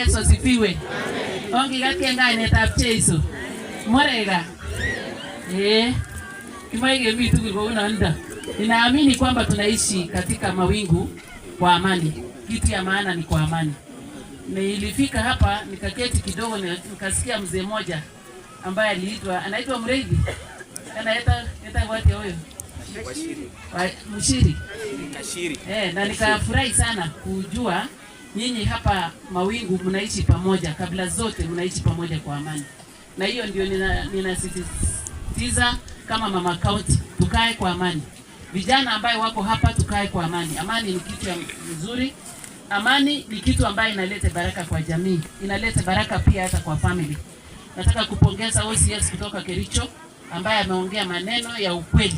Yesu asifiwe. Ongigatien kainetab Jeiso. Murega. Eh. Ninaamini kwamba tunaishi katika mawingu kwa amani. Kitu ya maana ni kwa amani. Nilifika hapa nikaketi kidogo nikasikia mzee mmoja ambaye aliitwa anaitwa Mregi. Anaita Mshiri. na nikafurahi sana kujua nyinyi hapa Mawingu mnaishi pamoja, kabila zote mnaishi pamoja kwa amani, na hiyo ndio ninasisitiza nina kama mama kaunti, tukae kwa amani. Vijana ambayo wako hapa tukae kwa amani. Amani ni kitu mzuri, amani ni kitu ambayo inaleta baraka kwa jamii, inaleta baraka pia hata kwa family. Nataka kupongeza OCS kutoka Kericho ambaye ameongea maneno ya ukweli.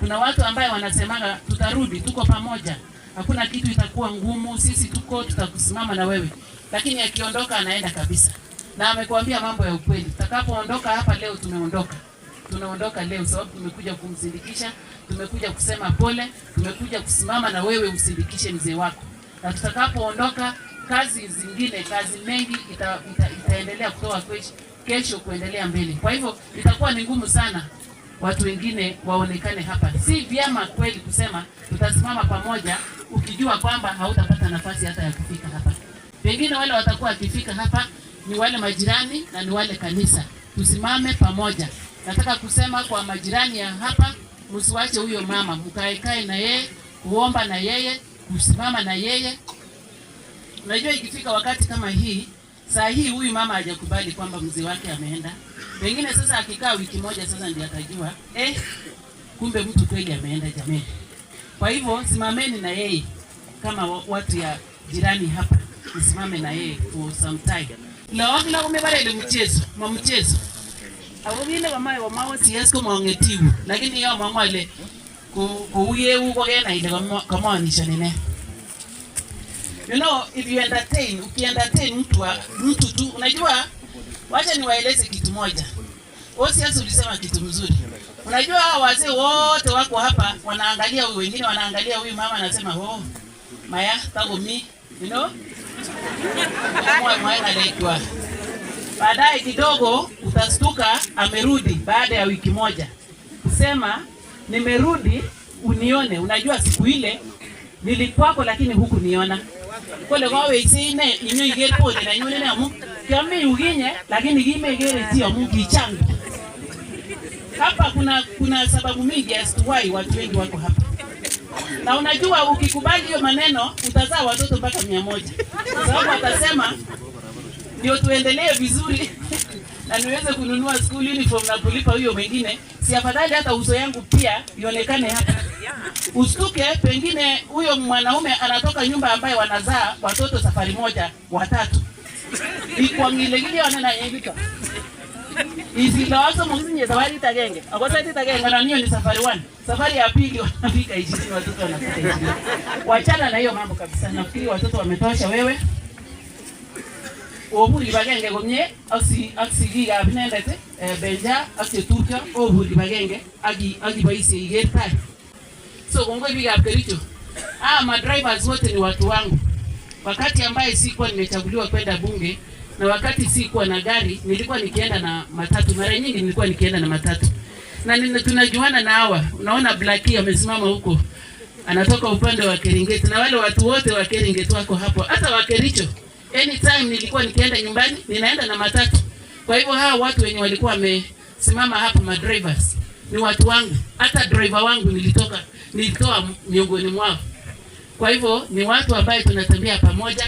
Kuna watu ambaye wanasemaga tutarudi, tuko pamoja hakuna kitu itakuwa ngumu, sisi tuko, tutakusimama na wewe. Lakini akiondoka anaenda kabisa, na amekuambia mambo ya ukweli. Tutakapoondoka hapa leo, tumeondoka tunaondoka leo sababu tumekuja kumsindikisha, tumekuja kusema pole, tumekuja kusimama na wewe usindikishe mzee wako, na tutakapoondoka kazi zingine, kazi mengi ita, ita, itaendelea kutoa kesho kuendelea mbele. Kwa hivyo itakuwa ni ngumu sana watu wengine waonekane hapa. Si vyema kweli kusema tutasimama pamoja ukijua kwamba hautapata nafasi hata ya kufika hapa. Pengine wale watakuwa wakifika hapa ni wale majirani na ni wale kanisa. Tusimame pamoja. Nataka kusema kwa majirani ya hapa, msiwache huyo mama, mkaekae na yeye, kuomba na yeye, kusimama na yeye. Unajua ikifika wakati kama hii Saa hii huyu mama hajakubali kwamba mzee wake ameenda. Pengine sasa akikaa wiki moja sasa ndiye atajua eh, kumbe mtu kweli ameenda jamani. Kwa hivyo simameni na yeye kama watu ya jirani hapa, msimame na yeye for some time lawagila umebara ile mchezo ma mchezo awogile wamae wamawe siyasko maongetiwu lakini yo mamwale kuuye uko kena ile kamoanisha nene you know, if you entertain, entertain mtu mtu tu, unajua, wacha niwaeleze kitu moja. Wasiasa ulisema kitu mzuri. Unajua hao wazee wote wako hapa wanaangalia huyu, wengine wanaangalia huyu mama anasema, "Oh, maya tago mi." You know? Baadaye kidogo utastuka amerudi baada ya wiki moja kusema nimerudi unione. Unajua siku ile nilikwako, lakini hukuniona kole kowekse ine inyoiker bonye nenyun ine amu kiami yukinye lakini kimekere chi amu kichang. Hapa kuna, kuna sababu mingi as to why watu wengi wako hapa, na unajua ukikubali hiyo maneno utazaa watoto mpaka mia moja kwa sababu atasema ndio tuendelee vizuri na niweze kununua school uniform na kulipa huyo mwingine, si afadhali hata uso yangu pia ionekane hapa Usituke, pengine huyo mwanaume anatoka nyumba ambaye wanazaa watoto safari moja watatu ikwang'ilegile wananayevika isilawaso musinye safari itagenge akosati itagenge na ni safari one. Safari ya pili wanafika ishirini, watoto wanafika ishirini. Wachana na hiyo mambo kabisa. Nafikiri watoto wametosha wewe oburi bagenge komye aksi sigiikab inendet eh, benja ak cheturka oburi bagenge akiboisie iker tai Sokongwe hivi ya Kericho. Ah, madrivers wote ni watu wangu. Wakati ambaye sikuwa nimechaguliwa kwenda bunge na wakati sikuwa na gari, nilikuwa nikienda na matatu. Mara nyingi nilikuwa nikienda na matatu. Na nina, tunajuana na hawa. Unaona Blackie amesimama huko. Anatoka upande wa Keringet na wale watu wote wa Keringet wako hapo. Hata wa Kericho. Anytime nilikuwa nikienda nyumbani, ninaenda na matatu. Kwa hivyo hawa watu wenye walikuwa wamesimama hapo madrivers ni watu wangu. Hata driver wangu nilitoka nitoa miongoni mwao. Kwa hivyo ni watu ambaye tunatembea pamoja.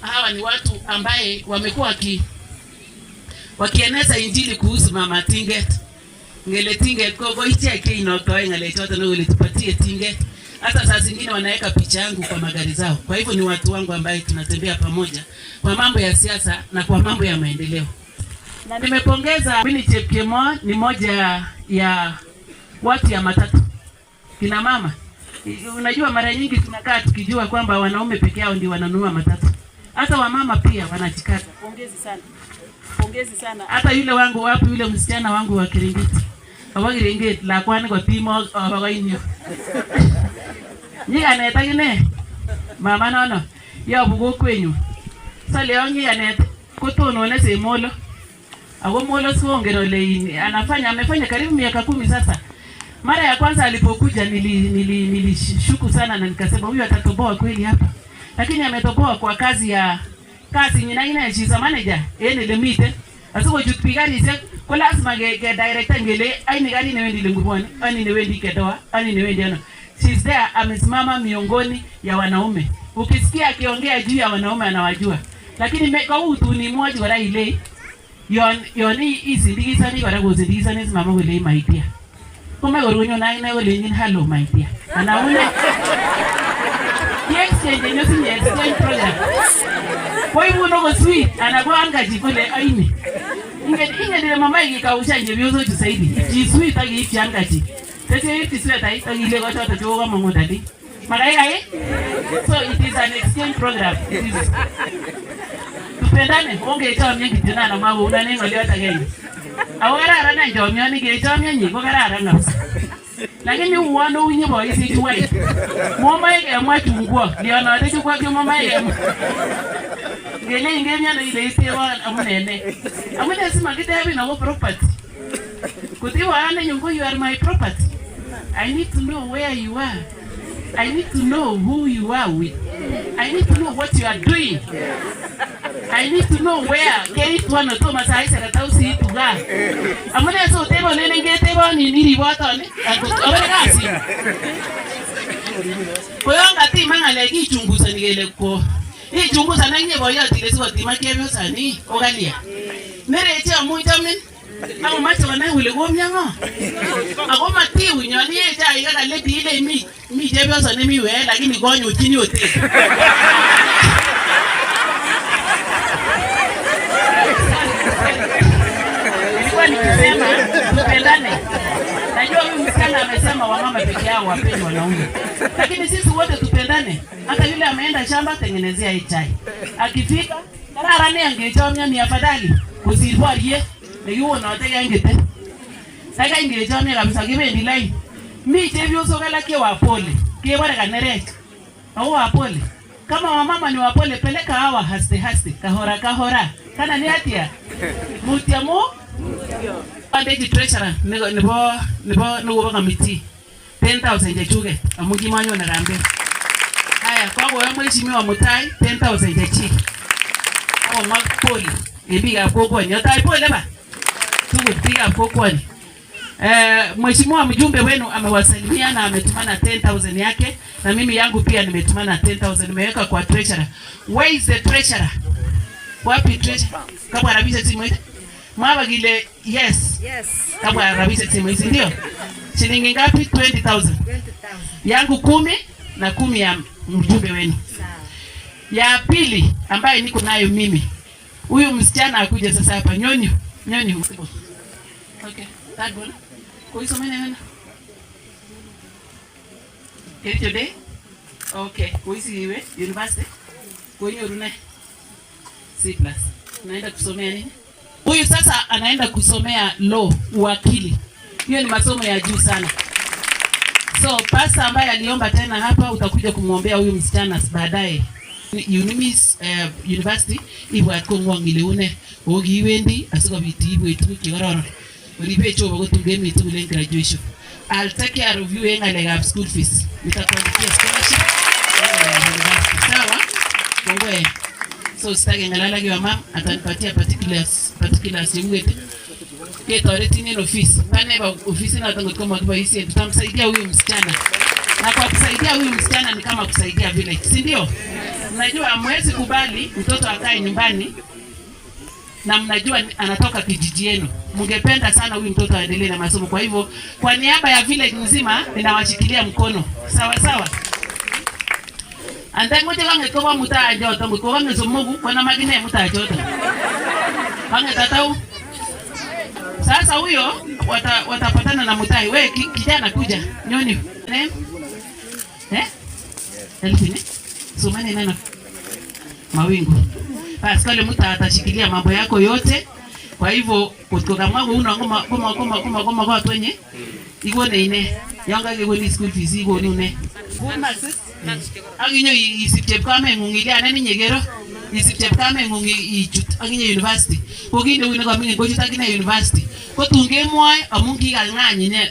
Hawa ni watu ambaye wamekuwa waki, wakieneza injili kuhusu Mama Tinget ngele Tinget kogoicheke inotoe ngele chote na ulitupatie Tinget. Hata saa zingine wanaweka picha yangu kwa magari zao. Kwa hivyo ni watu wangu ambaye tunatembea pamoja kwa mambo ya siasa na kwa mambo ya maendeleo. nimepongeza Winnie Chepkemoi ni moja ya watu ya matatu kina mama. Unajua, mara nyingi tunakaa tukijua kwamba wanaume peke yao ndio wananunua matatu, hata wamama pia wanachikata. Pongezi sana, pongezi sana. Hata yule wangu wapi, yule msichana wangu wa Kirengeti awakirenget lakwani kopimo awakoinyo nyikanet akine mama nono yobu kokwenyu saleon nyikanet kotonone semolo ako molo sikongen leini anafanya amefanya karibu miaka kumi sasa mara ya kwanza alipokuja nilishuku nili, nili sana na nikasema huyu atatoboa kweli hapa, lakini ametoboa kwa kazi ya kazi nyinaine ina a manager ene lemite asikochut biik karisiek kwa lazima ge, ge director ngele aini gani ni wendi ani ni wendi kedoa ani ni wendi ano she's there amesimama miongoni ya wanaume ukisikia akiongea juu ya wanaume anawajua lakini huu tu ni kautunimwochi wala ile yon yon isindikisani kora kosindikisani simama kole maitia Kumbe orunyo na ina wale nyin hello my dear. Ana ule. Yes, yes yes yes exchange product. Kwa hivyo go sweet go anga jikole aini. Inge inge ndio mama ikikausha nje biozo tusaidi. Ji sweet akiipi anga ji. Sasa hii sweet aitangile kwa tata tu kama ngoda di. Maraika So it is an exchange program. Tupendane, onge na Ako kararan any chomyoni, kechomyonyi ko kararan kabisa. Lakini uon ounye boisiek wei. Momoe kemwa chungwa, lionote chungwa ko momoe kemwa. Ngele ingemyoni ile istewon amune ne. Amune si makitebin ako property. Kutiwa ane nyungo you are my property. I need to know where you are. I need to know who you are with. I need to know what you are doing. I need to know where keitwano toma saisera tausiituga amune soteponen ngeteponin iripoton abone kasit koyon katima ng'alek ichungusani kele ko ichungusan akinye boyot ile sikotima chepyosani okalia nereche amu ichomin akomache konai kole komia ng'o ako matiunyoni yechaikakale tiile imich chepyoso nemi wee lakini chini otesi nilikuwa nikisema tupendane. Najua huyu msichana amesema wamama peke yao wapeni wanaume, lakini sisi wote tupendane. Hata yule ameenda shamba, tengenezea hii chai, akifika kararane angechomya ni afadhali kusirwarie nekiwonote kengete sakai ngechomya kabisa kibendi laini mi chepyosok alak che wapole kebore e kanerech ako wapole kama wamama ni wapole, peleka hawa haste haste kahora kahora kana ni hatia mutia mo pande ki treasurer nebo nebo nebo kamiti 10000 chechuket amu kimanyone kambe haya kwakoyo mheshimiwa mutai 10000 chechik akomwa pole en ya kokwoni otai e pole ba tugul biikab kokwoni Eh, mheshimiwa mjumbe wenu amewasalimia na ametumana 10000 yake na mimi yangu pia nimetumana 10000 nimeweka kwa treasurer. Where is the treasurer? Wapi treasurer? Kama anabisha simu hizi. Mama gile yes. Yes. Kama anabisha simu hizi ndio. Shilingi ngapi? 20000. 20000. Yangu kumi na kumi ya mjumbe wenu. Ya pili ambaye niko nayo mimi. Huyu msichana akuja sasa hapa nyonyo. Nyonyo. Okay. That one koyso mane wona keɗito de ok koysi we université koyinyoru naye c plus naenda kusomea nini huyu sasa anaenda kusomea law uwakili hiyo ni masomo ya juu sana so pasta ambaye aliomba tena hapa utakuja kumwombea huyu msichana baadaye unimis uh, eh, university ibwatkongwong ogiwendi asikobit ibwetuguk Olipe obo kotungemi ule graduation. I'll take care of you ngalek ab school fees. Nitakuandikia scholarship. Sawa? Kongwe. Eh. So sitake ngalala kwa mama atanipatia particulars particulars yangu ketoretin in office paneba ofisi Pane ba ofisi na nato ngotko makiboisien tutamsaidia huyu msichana, na kwa kusaidia huyu msichana ni kama kusaidia village, Sindio? ndio? Unajua hamwezi kubali mtoto akae nyumbani na mnajua anatoka kijiji yenu, mngependa sana huyu mtoto aendelee na masomo. Kwa hivyo, kwa niaba ya village nzima ninawashikilia mkono, sawa sawa kwa muta andangoje wangekova mutaajota ngwiko kwa na magine muta mutaajota tatau. sasa huyo wata, watapatana na mutai. We kijana kuja nyoni eh? Eh? Elfini sumani neno mawingu Pascal Muta atashikilia mambo yako yote. Kwa hivyo kutoka mwangu una ngoma ngoma ngoma ngoma ngoma kwa twenye mm. iko ne ine yanga ni kwa school fees iko ni une mm. aginyo isipchep kame ngungilia nani nyegero isipchep kama ngungi ichut aginyo university ko kinde une kami ko chut aginyo university ko tunge tun kemwoe amun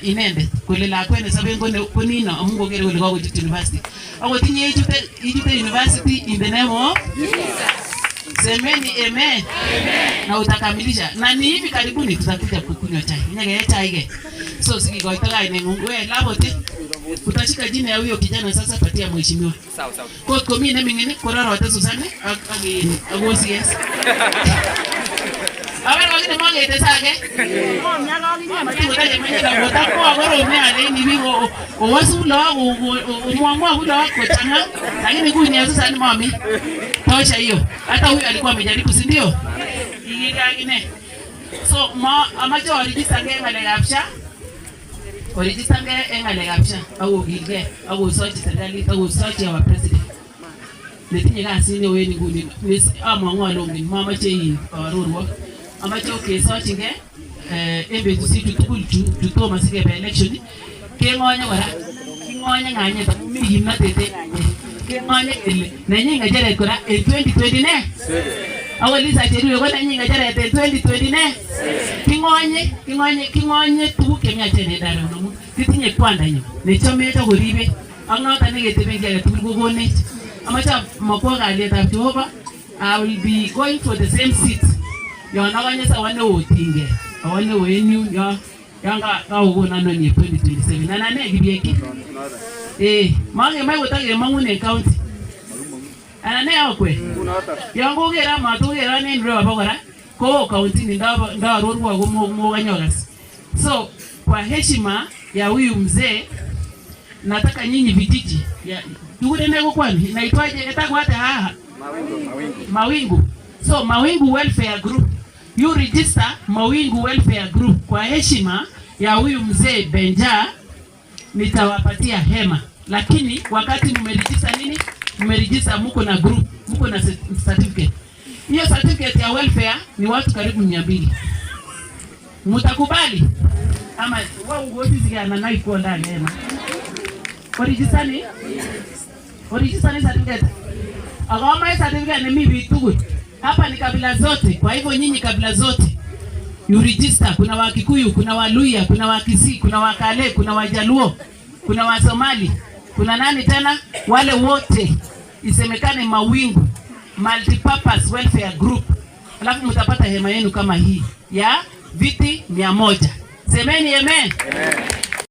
inende kule la kwene sabe ngone nino amungo kokere kule kwa university ako tinye ichute ichute university in the name of Jesus Semeni eme Na utakamilisha. Na ni hivi karibuni tutakuja kukunywa chai. Nyege chai. So sikigoitoka ine ngwe labo ti. Utashika jina ya huyo kijana sasa, patia mheshimiwa. Sawa sawa. Kwa hiyo na mingine korora watazo sana. Agi agosi yes. Awe wakini mwange tesage. Oh, mnyaga ngine mwange. Kwa hiyo mwenye na bota kwa goro mwa le ni bigo. Owasu lawa umwamwa hula wako changa. Lakini kunyia sasa ni mami tosha hiyo. Hata huyu alikuwa amejaribu, si ndio? ingine so ma amacho orijistange yapsha au eng au akokilgei akosochi au akosochi wa president netinye kasit mama en nguni among'u ale ongen mamoche sochi nge kesochingei en betusiechu tugul chu sike pa election keng'onye kora king'onye ng'anyet amu mi himna tete ng'anyet kemale ele nenye ngajere kora e 2020 ne awaliza cheru ko nenye ngajere e 2020 ne kingonye kingonye kingonye tuku kemya chere daro no titinye kwanda nyo nechome to koribe ak noton neketeben kii agetugul kokonech amoche mokwo kalyetab Jehova I will be going for the same seat yon akonye sawa neo tinge awa neo en yu yon kaokonon en 2027 anan ne kibiekyi Eh, mangune county. Ana ne akwe. Yango So kwa heshima ya huyu mzee nataka nyinyi vijiji ya kwani inaitwaje etago haha mawingu mawingu so mawingu welfare group you register mawingu welfare group kwa heshima ya huyu mzee Benja nitawapatia hema lakini wakati mmerijista nini, mmerijista mko na group, mko na certificate. Hiyo certificate ya welfare ni watu karibu mia mbili. Mtakubali ama wao wote zigana na iko ndani ema orijisani orijisani orijista ni certificate. Agama certificate ni mimi bitugu. Hapa ni kabila zote, kwa hivyo nyinyi kabila zote you register. Kuna Wakikuyu, kuna Waluya, kuna Wakisii, kuna Wakale, kuna Wajaluo, kuna Wasomali kuna nani tena, wale wote isemekane Mawingu Multipurpose Welfare Group, alafu mtapata hema yenu kama hii ya viti mia moja. Semeni amen.